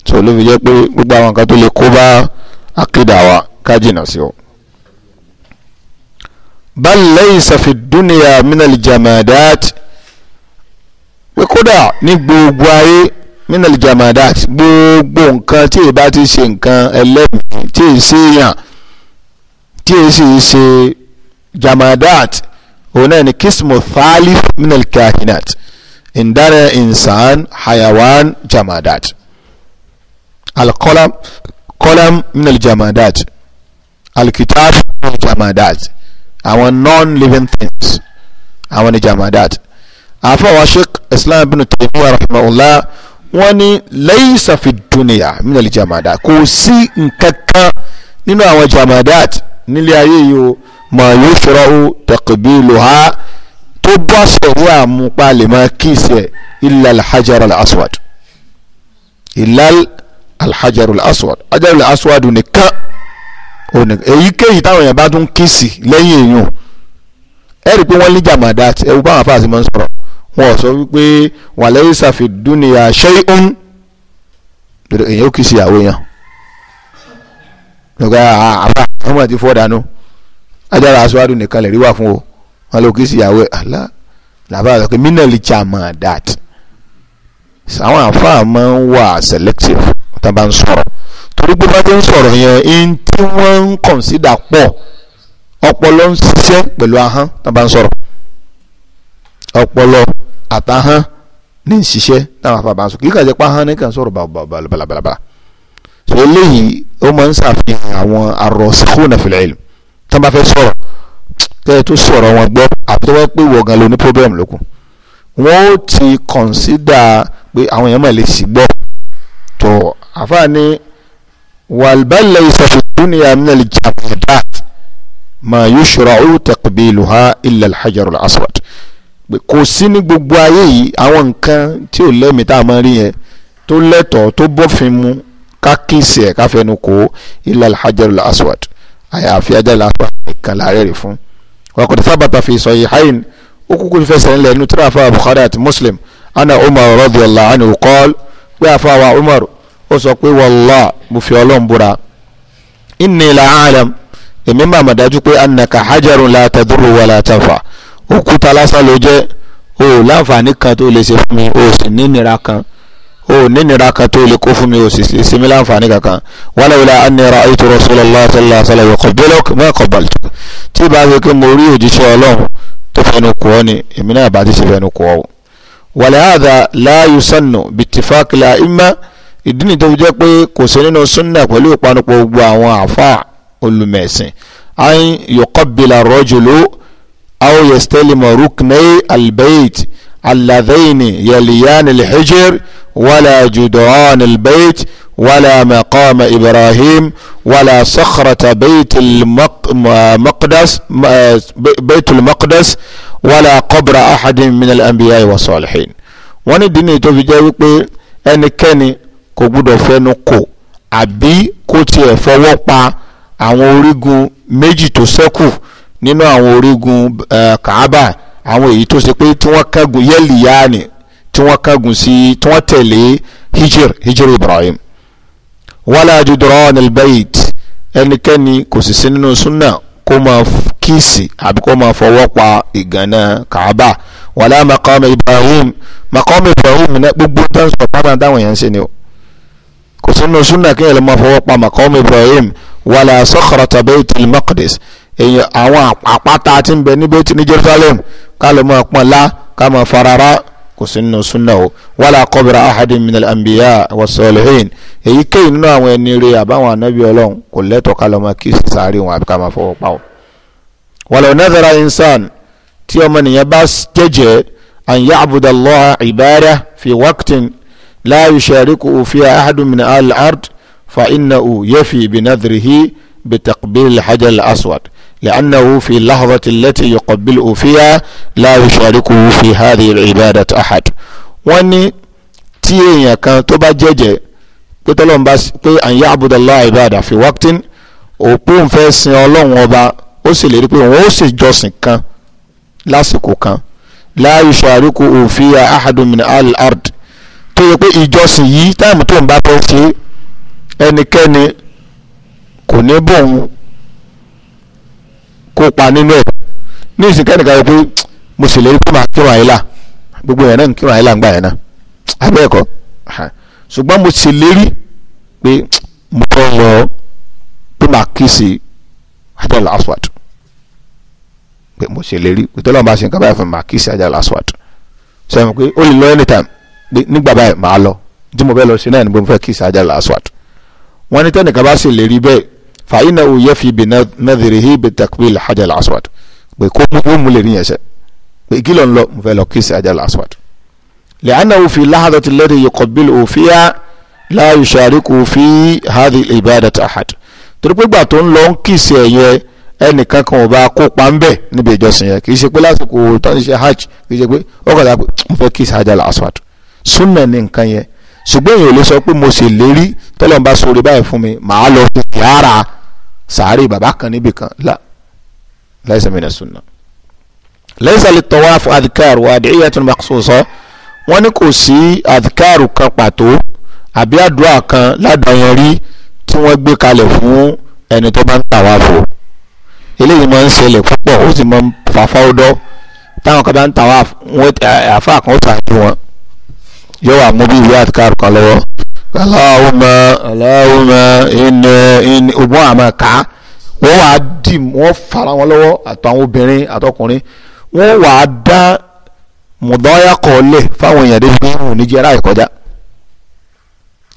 tó ló fi jẹ́ pé gbogbo àwọn kan tó lè kó bá àkídà wa ká jìnnà sí ọ bal laysa fi dunya minal jamadat pé kódà ní gbogbo ayé minal jamadat gbogbo nǹkan tí ì bá ti ṣe nǹkan ẹlẹ́mìí tí ì ṣe yàn tí ì sì ṣe jamadat òun náà ni kismu thalith minal kahinat indana insan hayawan jamadat alkolam kolam minal jamadat alkitab minal jamadat àwọn non-living things àwọn ni jamadat àfọwọ́n sheikh islam bin taymiyyah rahimahullah wọ́n ní laysa fi dunya minal jamadat kò sí nǹkan kan nínú àwọn jamadat nílé ayé yìí o ma yushra'u taqbiluha tó bọ́ sọ̀rọ̀ àmúpa lè máa kíìsì ẹ̀ illa al-hajar al-aswad illa al-hajar al-aswad hajar al-aswad nìkan èyíkéyìí táwọn èèyàn bá tún kí sí lẹ́yìn èèyàn ẹ rí i pé wọ́n ní jàmàdá ẹ wò báwọn afáàsì máa ń sọ̀rọ̀ wọn ò sọ wípé wàlẹ́ ìsàfì dúnìyà ṣẹ́yún èèyàn ó kì í sí ìyàwó yẹn nígbà àfà ọmọ ti fọ́ dànù ajára aṣọ́wádùn nìkan lè rí wà fún o wọn ló kì sí ìyàwó àlá làbá àtọ́kẹ́ mínàlì jàmàdá àwọn afáà máa ń wà selective tá a bá ń sọ̀rọ̀ torí pé bá ti ń sọ̀rọ̀ yẹn in tí wọ́n ń kọ̀nsídà pọ̀ ọpọlọ ń ṣiṣẹ́ pẹ̀lú ahọ́n tá a bá ń sọ̀rọ̀ ọpọlọ àtahọ́n ní ń ṣiṣẹ́ tá a bá sọ kíkà jẹ́ pé ahọ́n ní kàn sọ̀rọ̀ balabalabala so eléyìí ó máa ń ṣàfihàn àwọn arrasikhuna fil ilm tá a bá fẹ́ sọ̀rọ̀ kẹ́ẹ̀ tó sọ̀rọ̀ wọn gbọ́ àbí tó bá pé ìwọ gan ló ní problem lókun wọ́n ó ti kọ̀nsídà pé àwọn èèyàn máa lè sì gbọ́ tó àfáà ní والبل ليس في الدنيا من الجمادات ما يشرع تقبيلها إلا الحجر الأسود kò sí ní gbogbo ayé yìí àwọn nǹkan tí ò lẹ́mìí tá a máa rí yẹn tó lẹ́tọ̀ọ́ tó bófin mu ká kíìsì ẹ̀ ká fẹnu kò ó illa al aswad àyàfi ajá al-aswad nìkan rẹ̀ fún. waqad thabata fi sahihayn ó kúkú fẹsẹ̀ ńlẹ̀ nínú tíráfà Bukhari àti Muslim anna Umar radiyallahu anhu qala pé àfa wa Umar ó sọ pé wàllá mo fi ọlọ́run búra inni la alam èmi máa mọ̀ dájú pé annaka hajarun la tadurru wa la tanfa òkúta lásán ló jẹ́ o ò láǹfààní kan tó lè ṣe fún mi o sì nínira kan o nínira kan tó lè kó fún mi o sì ṣe mí láǹfààní kankan walawla anni ra'aytu rasulallah sallallahu alaihi wa yuqabbiluk ma qabbaltu tí bá ṣe pé mo rí òjíṣẹ́ ọlọ́run tó fẹnu kọ́ ni èmi náà bá ti ṣe fẹnu kọ́ ọ. wa li hadha la yusannu bittifaqil ìdí nìyí tó fi jẹ́ pé kò sí nínú súnà pẹ̀lú ìpanupọ̀ gbogbo àwọn àáfàá olùmẹ̀sìn ayin yuqabbila rajulu aw yastalima ruknay albayt alladhayni yaliyani alhijr wala juduran albayt ولا مقام إبراهيم ولا صخرة بيت المقدس بيت المقدس ولا قبر أحد من الأنبياء والصالحين wọ́n ní dínì tó wípé ẹnikẹ́ni kò gbúdọ̀ fẹnu kò àbí kó tiẹ̀ fọwọ́ pa àwọn orígun méjì tó ṣẹ́kù nínú àwọn orígun Kaaba àwọn èyí tó ṣe pé tí wọ́n kẹ́gun yẹ́lì yaani tí wọ́n kẹ́gun sí tí wọ́n tẹ̀lé hijir hijir Ibrahim wala judran albayt ẹnikẹ́ni kò sì sí nínú súnà kó máa kíìsì àbí kó máa fọwọ́ pa ìgànnà Kaaba wala maqam Ibrahim maqam Ibrahim náà gbogbo tó ń sọ pápá táwọn èèyàn ń ṣe ni o kò sínú súnà kí ẹlẹ́mọ̀ fọwọ́ pa maqam Ibrahim wàlà sakhrata Baitul Maqdis èyàn àwọn àpáta tí ń bẹ ní bẹ́ẹ̀ tí ní Jerusalem ká lè mọ̀ ọ̀pọ̀n lá ká mọ̀ farara kò sínú súnà o wàlà qabra ahadin minal anbiya was èyíkéyìí nínú àwọn ẹni rè àbáwọn anábì ọlọ́run kò lẹ́tọ̀ọ́ ká kí sáré wọn àbí ká fọwọ́ pa o. walaw nadhara insan tí ọmọnìyàn bá jẹ́jẹ́ لا يشاركه فيها أحد من أهل الأرض فإنه يفي بنذره بتقبيل الحجر الأسود لأنه في اللحظة التي يقبله فيها لا يشاركه في هذه العبادة أحد wọ́n ní tí èèyàn kan tó bá jẹ́jẹ́ pé tọ́lọ́n bá pé à ń yá abudulayi ibada fi wákìtín òpó ń fẹ́ sin ọlọ́run ọba ó sì lérí pé òun ó sì jọ́sìn kan lásìkò kan la yushariku fiya ahadun min al-ard tó yẹ pé ìjọsìn yìí táìmù tó ń bá fẹ́ ṣe ẹnikẹ́ni kò ní bòun kópa nínú ẹ̀ ní ìsìnkẹ́ni kan yẹ pé mo sì lè rí pé màá kírun àyílà gbogbo yẹn náà ń kírun àyílà ń gbà yẹn náà abẹ́ ẹ̀kọ́ ṣùgbọ́n mo sì lérí pé mo fẹ́ lọ pé màá kí sí Hajar aswad pé mo sì lérí pé tọ́lọ́mù ṣe nǹkan báyìí fún mi màá kí sí Hajar al-Aswad sọ yẹn pé ó lè lọ anytime nígbà báyìí màá lọ tí mo fẹ́ lọ sí náà ni mo fẹ́ kí ìsájà làásùwàd wọn ní tẹnìkan bá sì lè rí bẹ́ẹ̀ fàyín náà òye fi bì nadhirihi bi takbil hajj làásùwàd pé kó ó mú lè rí yẹn sẹ pé kí ló ń lọ mo fẹ́ lọ kí ìsájà làásùwàd li'annahu fi lahadati lati yuqabbilu fiha la yushariku fi hadhi ibadati ahad torí pé gbà tó ń lọ ń kì í ẹ̀yẹ ẹnìkan kan ò bá kópa ń bẹ̀ níbi ìjọsìn yẹn kì í ṣe pé lásìkò tó ń ṣe hajj kì í ṣe pé ó kàn dá pé mo fẹ́ kí ìsájà làásùwàd súnà ní nǹkan yẹn ṣùgbọ́n èèyàn ò lè sọ pé mo ṣe lérí tọ́lọ́n bá sọ̀rọ̀ báyìí fún mi màá lọ fún kíára sàárè bàbá kan níbì kan la láìsẹ̀ mìíràn súnà. lẹ́sẹ̀ lè tọ́wọ́ fún adhikaru ad'iyatun makhsusa wọ́n ní kò sí adhikaru kan pàtó àbí àdúrà kan ládàáyẹn rí tí wọ́n gbé kalẹ̀ fún ẹni tó bá ń tàwáfù eléyìí máa ń ṣẹlẹ̀ púpọ̀ ó sì máa ń fàfáwọ́dọ́ táwọn kan bá ń tàwáfù àfa kan ó sàájú wọn yóò wà mú bí ìwé àtikáàrù kan lọ́wọ́ aláwùmọ̀ aláwùmọ̀ ìnà ìnà ògbọ́n àmọ́ ká wọ́n wàá dì wọ́n fara wọn lọ́wọ́ àtàwọn obìnrin àtọkùnrin wọ́n wàá dá mùdọ́yàkọ̀ lẹ̀ fáwọn èèyàn débi wọn ò ní jẹ́ ráì kọjá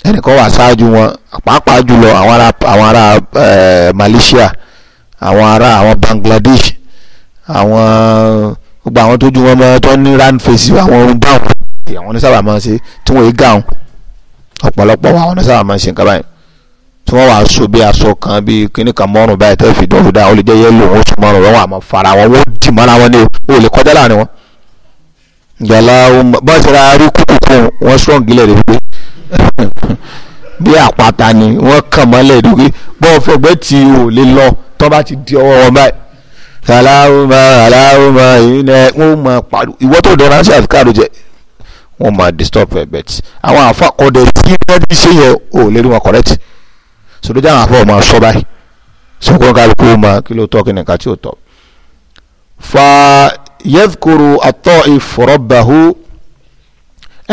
ẹnìkan wà ṣáájú wọn pàápàá jùlọ àwọn ará àwọn ará eh, Malaysia àwọn ará àwọn Bangladesh àwọn gbogbo àwọn tójú wọn mọ tó ní round àwọn ohun dáhùn àwọn oníṣàbà máa ń ṣe tí wọ́n yé gáwọn ọ̀pọ̀lọpọ̀ àwọn oníṣàbà máa ń ṣe nǹkan báyìí tí wọ́n wàá so bí aṣọ kan bí kíní kan mọ́rùn báyìí tẹ́ fi dọ́ọ̀dù dáa ó lè jẹ́ yẹ́lò ó sùn mọ́rùn wọn àmọ́ fara wọn wọ́n dì mọ́ra wọn ní o lè kọjá láàrin wọn. ìjọba bọ́ọ̀ ṣe ra rí kúkúkú wọn strong ilẹ̀ rẹ̀ wípé bí àpáta ni wọ́n kàn mọ́lẹ̀ dúgbé bọ́ọ̀ fẹ́gbẹ́ tí o lè lọ tó bá ti di ọwọ́ wọn báyìí aláwọ̀ máa aláwọ̀ máa ìwọ tó dọ̀rọ̀ wọ́n máa disturb ẹ̀ bẹ̀t àwọn àfa ọ̀dẹ̀ tí wọ́n ti ṣe yẹ ò lè wọn correct sọdọ́ jẹ́ àwọn àfa ọ̀ máa sọ báyìí sọkọ́ kálukú máa kí ló tọ́ kí nìkan tí ò tọ́. fa yẹ́fukuru atọ́ ìfọ̀rọ̀bàhù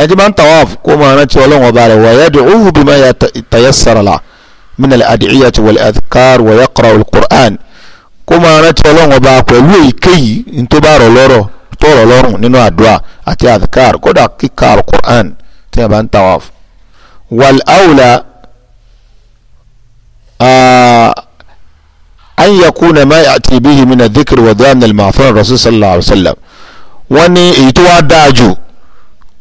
ẹ̀ ti máa ń tàwọn kó máa rántí ọlọ́run ọba rẹ̀ wà yẹ́dùn òhù bí máa yà tàyẹ́ sàràlà min al-ad'iyat wal-adhkar wa yaqra al kó máa rántí ọlọ́run ọba pẹ̀lú èyíkéyìí ní bá rọ̀ lọ́rọ̀ tọ̀rọ̀ lọ́rùn nínú àdúrà àti adhkar kódà kíkà alukur'an tí a bá ń tawaf wal awla an yakuna ma ya'ti bihi min adh-dhikr wa du'a min al-maghfirah rasul sallallahu alaihi wasallam wọ́n ní èyí tó wá dáa jù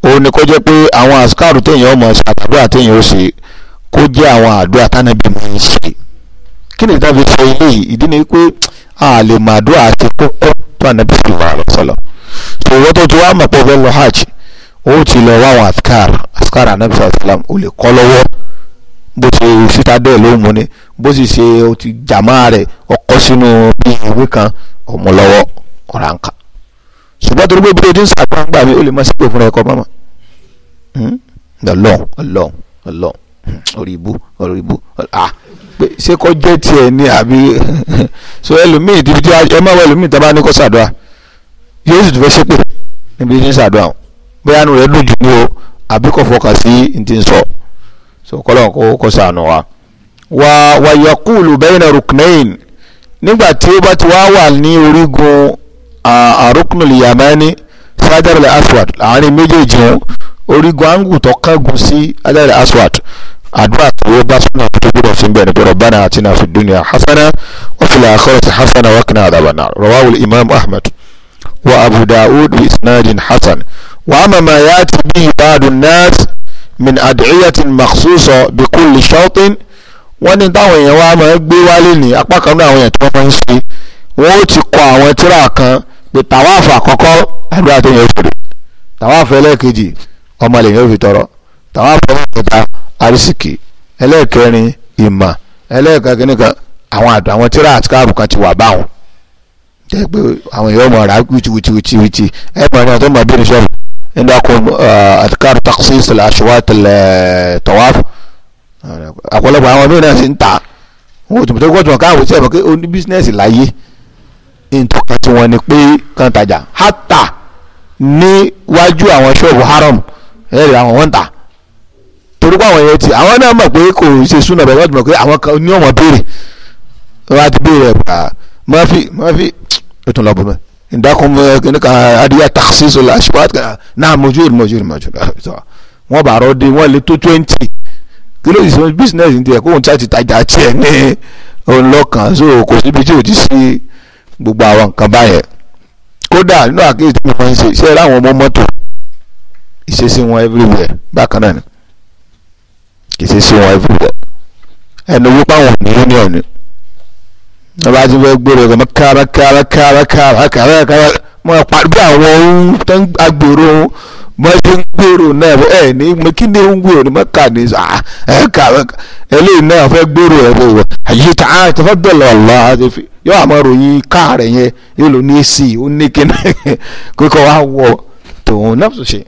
òun ni kó jẹ́ pé àwọn àsìkáàrù téèyàn ọmọ ṣe àdúrà téèyàn ó ṣe kó jẹ́ àwọn àdúrà tánàbí mọ̀ ń ṣe kí ni ìdábí sọ ilé ìdí ni pé a lè mọ àdúrà àti kókó tó ànábì sallallahu alaihi wasallam so wọ́n tó ti wá mọ̀ pé fẹ́ lọ hajj ó ti lọ wá àwọn askar askar anabi sallam ó lè kọ́ lọ́wọ́ bó ti citadel ló mú ni bó sì ṣe ó ti jàmá rẹ̀ ọkọ́ sínú ìwé kan ọmọ lọ́wọ́ ọ̀ránkà ṣùgbọ́n torí pé bíi ẹni sàgbà gbà mí ó lè má sí pé fúnra ẹ̀kọ́ mọ́mọ́ hmm? ọlọ́run ọlọ́run ọlọ́run hmm, orí ibú orí ibú ah ṣé kọ́ jẹ́ tiẹ̀ ni àbí *laughs* so ẹlòmíì tí ẹ má wọ ẹlòmíì tá a bá ní kó ṣàdúrà yóò sì tún fẹ́ ṣépè níbi tí ń ṣàdúrà wọn bóyá inú rẹ̀ dùn jù ní o àbí kò fọkàn sí n ti ń sọ so kọ́lọ́n kó kó sànù wa. wà wà yakulu bayna ruknayin nígbà tí ó bá ti wá wà ní orígun àrùkùnlù yamani sadarale aswad àárín méjèèjì orígun angu kángun sí sadarale aswad àdúrà tàbí bá súnà tó gbọdọ̀ sí bẹ́ẹ̀ ni pé rabbana atina fid dunya hasana wa fil akhirati hasana wa qina adhaban imam ahmed. وأبو داود بإسناد حسن وأما ما يأتي به بعض الناس من أدعية مخصوصة بكل شوط wọ́n ní táwọn èèyàn wa máa ń gbé wálé ní apá kan náà àwọn èèyàn tí wọ́n máa ń ṣe wọ́n ó ti kọ àwọn tíra kan pé tàwáàfù àkọ́kọ́ àdúrà tó yẹn fèrè tàwáàfù ẹlẹ́ẹ̀kejì ọmọ lèyìn ó fi tọrọ tàwáàfù ẹlẹ́ẹ̀kẹta arísìkì ẹlẹ́ẹ̀kẹrin ìmọ̀ ẹlẹ́ẹ̀kẹrin kan àwọn àdó àwọn tíra àti káàbù kan ti wà báwọn jẹ́ pé àwọn èèyàn mọ̀ ra wìtìwìtìwìtì ẹ̀ mọ̀ ní àtọ́mọ̀ bí ní sọ́ọ̀bù ẹ̀dá kun eh, àtikárù takhsis al-ashwat al-tawaf àpọ̀lọpọ̀ àwọn mí náà sì ń ta wọn ò tún tẹ́kọ̀ọ́ tún káàwé sí ẹ̀mọ́ pé ó ní bísínẹ́sì láyé ìtọ́ka tí wọ́n ní pé kàn tajà hátà níwájú àwọn ṣọ́ọ̀bù haram ẹ̀rì àwọn wọ́n ń tà torí àwọn yẹn ti àwọn náà mọ̀ pé kò ṣe súnà bẹ́ẹ̀ wọ́n ti mọ̀ pé àwọn ní ọ̀wọ́n béèrè wọ́n á ti béèrè ẹ̀ pà mọ́fì mọ́fì ó tún lọ bọ̀ mọ́ ìdákun kìnnìkan adìyẹ taxis ọ̀la ṣùgbọ́n náà mọ̀júwèé mọ̀júwèé mọ̀júwèé wọ́n bá rọ́ de wọ́n lé tó twenty kí ló sì sọ business ní tiẹ̀ kóun ṣáàtì tajà tiẹ̀ ní ọlọ́kan so kò síbi tí ò ti sí gbogbo àwọn nǹkan báyẹn kódà nínú àkéèsí mi máa ń ṣe iṣẹ́ ráwọn ọmọ mọ́tò ìṣesí wọn everywhere bákan náà oh, ni ìṣesí wọn everywhere ẹnu wípé àwọn ní union ni ọba tí wọ́n gbèrò ọ̀gá kára kára kára kára kára kára mọ àpàdé àwọn ohun tó ń agbèrò mọ ṣe ń gbèrò náà ẹ ní mo kí ni ń gbèrò ní mọ́kà ní ẹ kára eléyìí náà fẹ́ gbèrò ẹ fẹ́ wọ àyè tá a ti fẹ́ bẹ̀rẹ̀ ọ̀la yóò àmọ́ ròyìn káàrẹ̀ yẹn yóò lò ní èsì ó ní kíní kíkọ́ wa wọ tòun náà tó ṣe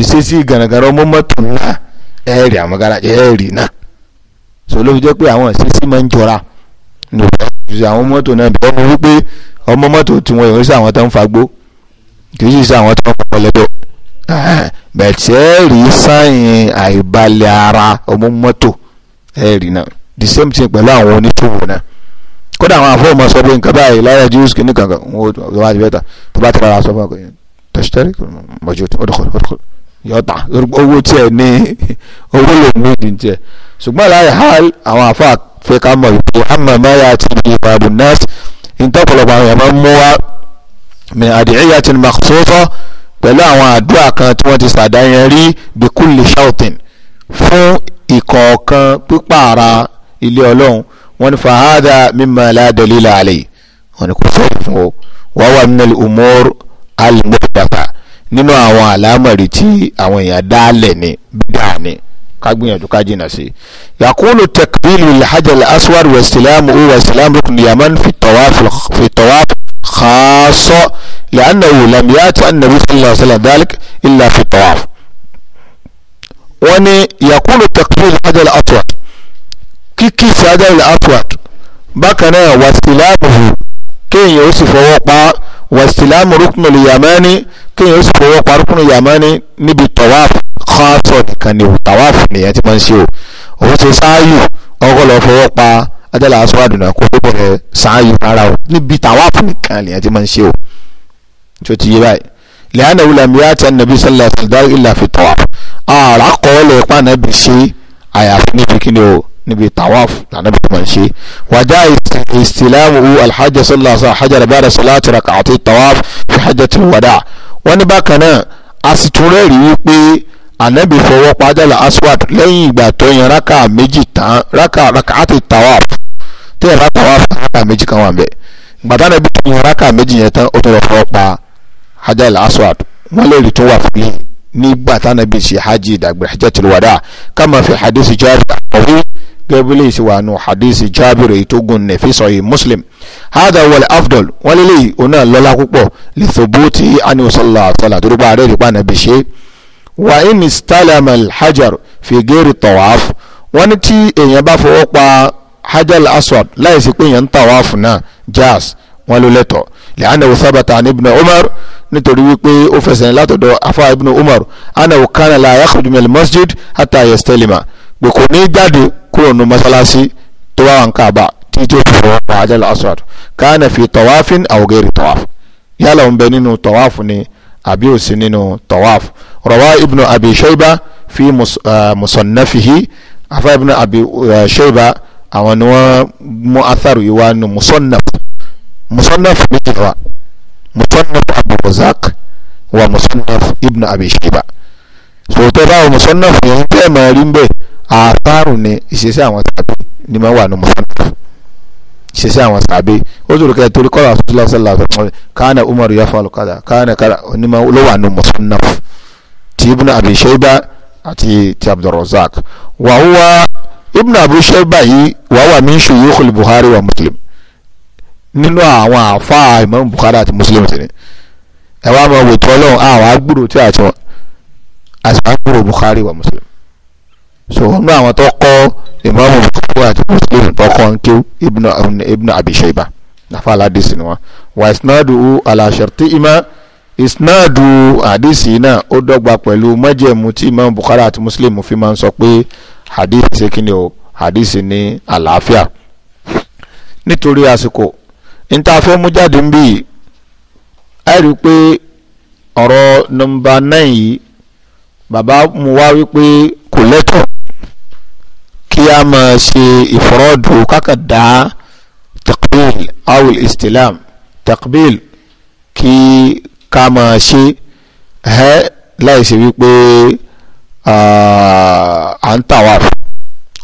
ìṣesí gànàgànà ọmọ mọ́tò náà ẹ̀ẹ́rì àwọn garaajì ẹ̀ẹ́rì náà sọ fi jẹ́ pé àwọn ìṣesí máa ń jọra nù ṣe àwọn mọ́tò náà bí wọ́n wípé ọmọ mọ́tò tiwọn ìwé sí àwọn tó ń fagbó kì í ṣe àwọn tó ń fagbó lẹ́dọ̀ bẹ̀tẹ̀ rí sáyìn àìbalẹ̀ ara ọmọ mọ́tò ẹ̀ rí náà the same thing pẹ̀lú àwọn oníṣòwò náà kódà àwọn afọ́ọ̀mọ sọ pé nǹkan báyìí láyà jíúsì kìíní kankan wọn ò tó bá ti bẹ́ta tó bá ti rárá sọ fún akọ̀yìn tẹ̀sítẹ́rì mọ̀jú yọta owó tiẹ̀ ní owó lòún ní ìdí ṣùgbọ́n láyà hàl àwọn afọ́ àk fẹ́ ká mọ̀ wípé amma ma ya'ti ba'du an-nas ìtọ́pọ̀lọpọ̀ àwọn èèyàn máa ń mú wá min adi'iyatin makhsusa pẹ̀lú àwọn àdúrà kan tí wọ́n ti sàdáyẹn rí bi kulli shautin fún ìkọ̀ọ̀kan pípààrà ilé ọlọ́run wọ́n ní fahadha mimma la dalila wọ́n ní kò sọ̀rọ̀ fún o wa huwa min al-umur nínú àwọn àlámọ̀rí tí àwọn èèyàn dálẹ̀ ní bídà ni. kagbin yaju kaji na se yakulu takbilu lil hajar aswar wa istilamu wa istilam rukn yaman fi tawaf لانه لم يات النبي صلى الله عليه وسلم ذلك الا في الطواف وني يقول التكبير للحجر الاسود كي كي في الاسود الاصوات بكنا واستلامه كي يوسف وقع واستلام ركن اليماني كي يوسف وقع ركن اليماني نبي الطواف khaso nìkan ni o tawaf nìyẹn ti máa ń ṣe o òun ṣe sáàyù ọkọ lọ fọwọ́ pa ajala aswadu náà kó tó bẹ̀rẹ̀ sáàyù rárá o níbi tawaf nìkan nìyẹn ti máa ń ṣe o tí o ti yé báyìí lẹ́yìn àwọn olùyàmíyà àti ànàbí sẹ́lẹ̀ ṣẹ̀dáwó ìlà fi tawaf ààrà kọ́ ọ́ lè pa ànàbí ṣe àyàfi níbi kíni o níbi tawaf ànàbí tó máa ń ṣe wàjá istilamu alhajj sallallahu wọ́n ní bákan náà a sì tún rẹ́rìí wípé ànábì fọwọ́ pàjáàlà aswad lẹ́yìn ìgbà tó yan raka méjì tán raka raka àti tawaf tí ẹ̀rọ tawaf raka méjì kan wà bẹ́ẹ̀ gbàtà nàbí tó yan raka méjì yẹn tán ó tún lọ fọwọ́ pa hajjal aswad wọ́n lè rí tó wà fún yìí nígbà tá nàbí ṣe hajj ìdàgbé hajjatul wada kama fi hadith jabir àkọ́bí gẹ́bílẹ̀ ṣe wà nù hadith jabir èyí tó gùn nẹ̀fí sọ̀yìn muslim hada wal afdol wọ́n lè lè ọ̀nà lọ́lá púpọ̀ lè wà ní istalama alhajar fi ghairi tawaf wọ́n ní tí èèyàn bá fọwọ́ pa hajar aswad láì sí pé èèyàn ń tawaf náà jaz wọ́n ló lẹ́tọ̀ lẹ́hánà wùsábàtà ní ibn umar nítorí wípé ó fẹsẹ̀ látọ̀dọ̀ afa ibn umar ana wùkánà la yakhruju min almasjid hatta yastalima pé kò ní jáde kúrò ní masalasi tó wà wọn kaaba títí ó fi fọwọ́ pa hajar aswad kánà fi tawafin aw tawaf yálà ń bẹ nínú tawaf ni àbí ó nínú tawaf rawa ibnu abi shayba fi musannafihi afa ibnu abi shayba àwọn ni wọ́n mú atharu yìí wá nu musannaf musannaf bishra musannaf abu razak wa musannaf ibnu abi shayba sòtò báwo musannaf yẹn bẹ́ẹ̀ máa rí bẹ́ẹ̀ àtharu ni ìṣesí àwọn tàbí ni máa wà nu musannaf ṣiṣẹ́ àwọn sàbí ó sọ̀rọ̀ kẹ́ torí kọ́ra àtúntò lọ́sẹ̀ làtọ̀ kánà umar yafalu kada kánà kada onímọ̀ ló wà nù musannaf ti ibn abi shayba àti ti abdulrozak wàhùwà ibn abi shayba yìí wàhùwà min shuyukhul buhari wa muslim nínú àwọn àfa imam buhari àti muslim ti ni ẹ wá máa wòtú ọlọ́run àwọn agbúrò tí a ti wọn àti agbúrò buhari wa muslim so nínú àwọn tó kọ́ imam buhari àti muslim tó kọ́ nkí ibn abi shayba nafa aládìsí ni wọn wà isnaduhu ala sharti ima isnadu hadisi náà ó dọ́gba pẹ̀lú májẹ̀mú tí imam bukhari àti muslim fi máa ń sọ pé hadisi ṣe kí ni o hadisi ní àlàáfíà nítorí àsìkò níta-fẹ́ mú jáde ń bì í a rí i pé ọ̀rọ̀ nọmba náà yìí bàbá mu wá wípé kò lẹ́tọ̀ kí a máa ṣe ìfọ̀rọ̀dù kákàdá takbil awil istilam takbil kí ká máa ṣe ẹ́ láì ṣe wípé à ń tà wá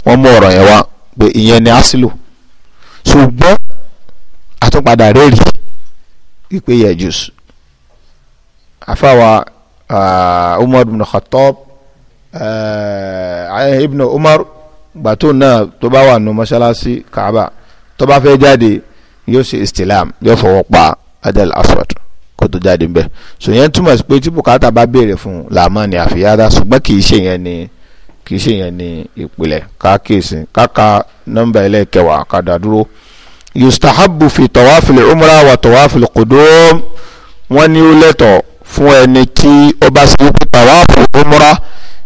wọ́n mú ọ̀rọ̀ yẹn wá pé ìyẹn ni asilo ṣùgbọ́n àtúnpadà rẹ̀ rí wípé yẹ jùs àfàwà Umar bin Khattab ibn Umar gbàtó náà tó bá wà nù mọ́ṣáláṣí Kaaba tó bá fẹ́ jáde yóò ṣe istilam yóò fọwọ́ pa adal aswad kó tó jáde ńbẹ̀ ṣòyẹn túmọ̀ sí pé tí bùkátà bá béèrè fún làmọ́ ni àfiyára ṣùgbọ́n kì í ṣe yẹn ni kì í ṣe yẹn ni ìpìlẹ̀ káàkiri káka nọ́mbà ẹlẹ́kẹwàá kàdà dúró. yustahabu fi tawafil umra wa tawafil qudum wọ́n ní ó lẹ́tọ̀ fún ẹni tí ó bá ṣe wípé tawafu umra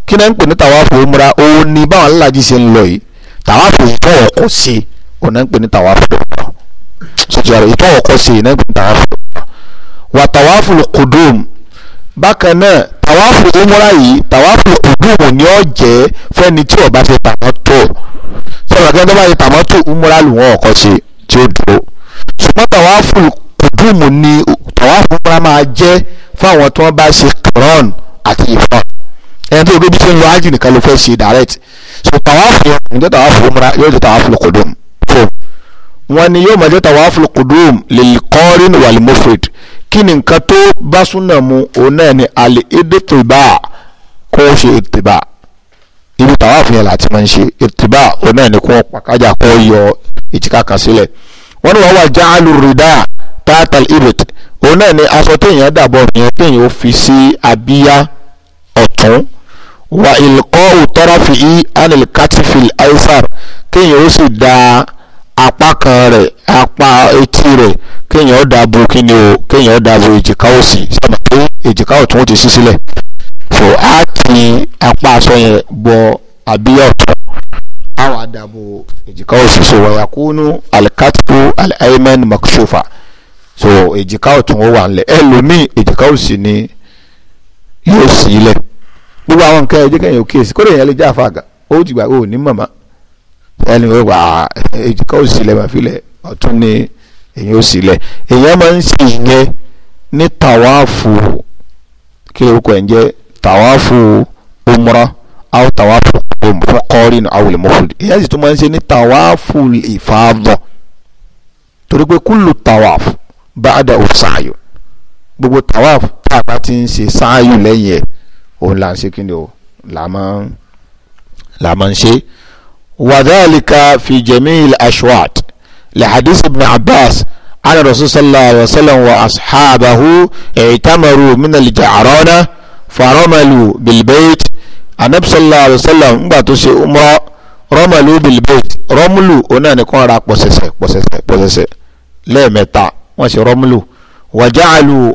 kí náà ń pè ní tawafu umra òun ni báwọn alájí ṣe ń lọ yìí tawafu ìtọ́wọ̀ kò sí òun náà ń pè ní tawafu umra umra wà tàwáfù kùdùm bákan náà tàwáfù umra yìí tàwáfù kùdùm ni ó jẹ́ fẹ́ni tí ó bá ṣe tàmọ́tò sọ̀rọ̀ kí wọ́n tó bá ṣe tàmọ́tò umra lù wọ́n ọ̀kọ́ ṣe tí ó dúró ṣùgbọ́n tàwáfù kùdùm ni tàwáfù umra máa jẹ́ fáwọn tí wọ́n bá ṣe kọ̀rọ̀n àti ìfọ̀n ẹni tó gbé bí ṣe ń lọ ájì nìkan ló fẹ́ ṣe direct so tàwáfù yẹn ìjọ tàwáfù umra yóò jẹ́ tàwáfù kùdùm wọn ni yóò máa jẹ́ tàwáfù kùdùm lil qarin wal kí ni nǹkan tó bá súnà mu òun náà ni àlè édè tìbà kó o ṣe ìtìbà ibi tàwa fún yẹn láti máa ń ṣe ìtìbà òun náà ni kó o pàkájà kó o yọ ìtìká kan sílẹ̀ wọ́n ní wọ́n wà já alùrìdá tààtà ìrètí òun náà ni aṣọ téèyàn dàbọ̀ yẹn téèyàn ó fi sí abíyá ọ̀tún wà ìlkọ́ òtọ́rọ́fì yìí anil katifil aisar kéèyàn ó sì dáa apá kan rẹ̀ apá etí rẹ̀ kéèyàn dàbò kíni o kéèyàn dàbò èjìká òsì sábà pé èjìká ọ̀tún ti ṣí so a ti apá aṣọ yẹn gbọ àbíyá ọ̀tún àwọn àdàbò èjìká òsì so wàyàkúnú alikatibu alayman makshufa so èjìká ọ̀tún wà ńlẹ̀ ẹlòmíì èjìká òsì ni yóò sílẹ̀ gbogbo àwọn nǹkan ẹ̀jẹ̀ kẹ́yìn ò kíyèsí kó lè yẹn lè ó ti gbà ó ní ẹni wọ́n wà èjìká òsìlẹ̀ màfilẹ̀ ọ̀tún ni èyí òsìlẹ̀ èyàn máa ń ṣe ìyẹn ní tàwáàfù kí lórúkọ ẹ̀ ń jẹ́ tàwáàfù umra àwọn tàwáàfù fọkọ́rí àwọn olùmọ̀fọ́dì èyàn sì tún máa ń ṣe ní tàwáàfù ìfàdọ̀ torí pé kúlù tàwáàfù bá a dà ó sáàyò gbogbo tàwáàfù tá a bá ti ń ṣe sáàyò lẹ́yìn ẹ̀ òun là ń ṣe kí ni o là máa ń ṣe وذلك في جميع الأشواط لحديث ابن عباس عن الرسول صلى الله عليه وسلم وأصحابه اعتمروا من الجعرانة فرملوا بالبيت النبي صلى الله عليه وسلم باتوسي أمرا رملوا بالبيت رملوا هنا نكون راك بوسيسي بوسيسي بوسيسي لا متى ماشي رملوا وجعلوا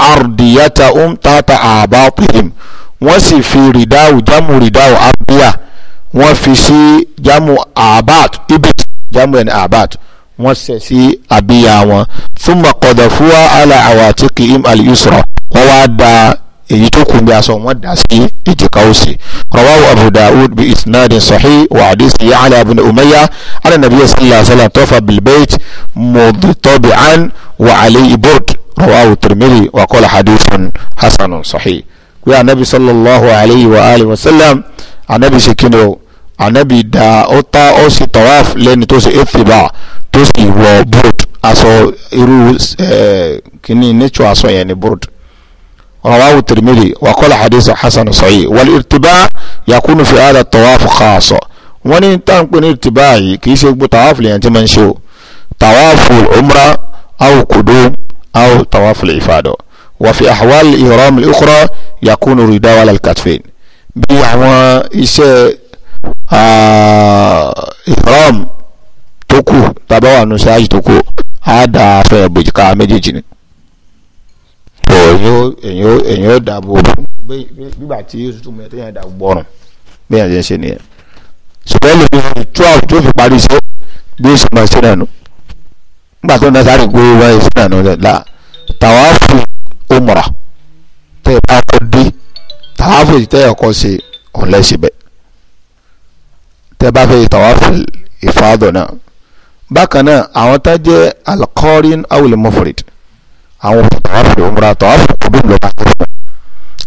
أرضيتهم تحت أعباطهم وسي في رداو جمع رداو أرضيه wọ́n fi sí jamu abat ibis jamu ẹni abat wọ́n sẹ̀ sí àbíyá wọn thumma qadafuha ala awatiqihim al-yusra wọ́n wá da èyí tó kùn bí aṣọ wọn dà sí èjìká òsì rawahu abu dawud bi isnadin sahih wa hadisi ya'la ibn umayya ala nabiyyi sallallahu alaihi wasallam tawafa bil bayt mudtabi'an wa alayhi burd rawahu tirmidhi wa qala hadithun hasanun sahih wa nabi sallallahu alaihi wa alihi wa sallam anabi ṣe kíni o anabi da ó ta ó sì tawaf lẹ́ni tó ṣe etiba tó sì wọ burud aṣọ irú kíni nature aṣọ yẹn ni burud rawahu tirmidhi wa qala hadith hasan sahih wal irtiba yakunu fi hada tawaf khassa wọ́n ní tá à ń pè ní irtiba yìí kì í ṣe gbogbo tawaf lèyàn tí máa ń ṣe o tawaf umra aw kudu aw tawaf ifado wa fi ahwal ihram al-ukhra yakunu ridawa al bí àwọn iṣẹ́ ìrọ́m tó kù tàbá wà nù ṣáájú tó kù á da aṣọ ìbòjìká méjèèjì ni èyàn ó dàbò gbígbà tí yóò tuntun mẹ́tẹ́ yẹn dàbò bọ́ọ̀rùn bí yẹn ṣe ń ṣe nìyẹn ṣùgbọ́n lè fi twelve tó fi parí iṣẹ́ bí oṣù máa ṣe nànú nígbà tó ń dá sáré gbé wáyé ṣe nànú la tàwa fún umra tẹ̀ bá kọ́ dé tàwáfù tẹ́ ọkọ ṣe òun lẹ́ ṣe bẹ́ẹ̀ tẹ́ bá fẹ́ tàwáfù ìfàdọ̀ náà bákan náà àwọn tá jẹ́ alqarin awul mufrid àwọn tàwáfù umra tàwáfù kùdùm ló bá tẹ̀sán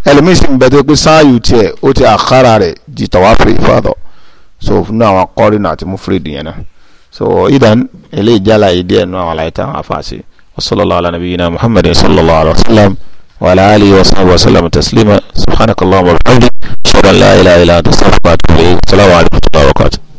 ẹlòmíín sì ń bẹ tó pé sáàyù tiẹ̀ ó ti àkàrà rẹ̀ di tàwáfù ìfàdọ̀ so fún àwọn akọrin àti mufrid yẹn náà so idan eléyìí jálá yìí díẹ̀ nù àwọn àlàyé táwọn wa sallallahu ala alaihi wa sallam. وعلى آله وصحبه وسلم تسليما سبحانك اللهم وبحمدك أشهد أن لا إله إلا أنت أستغفرك وأتوب إليك السلام عليكم ورحمة الله وبركاته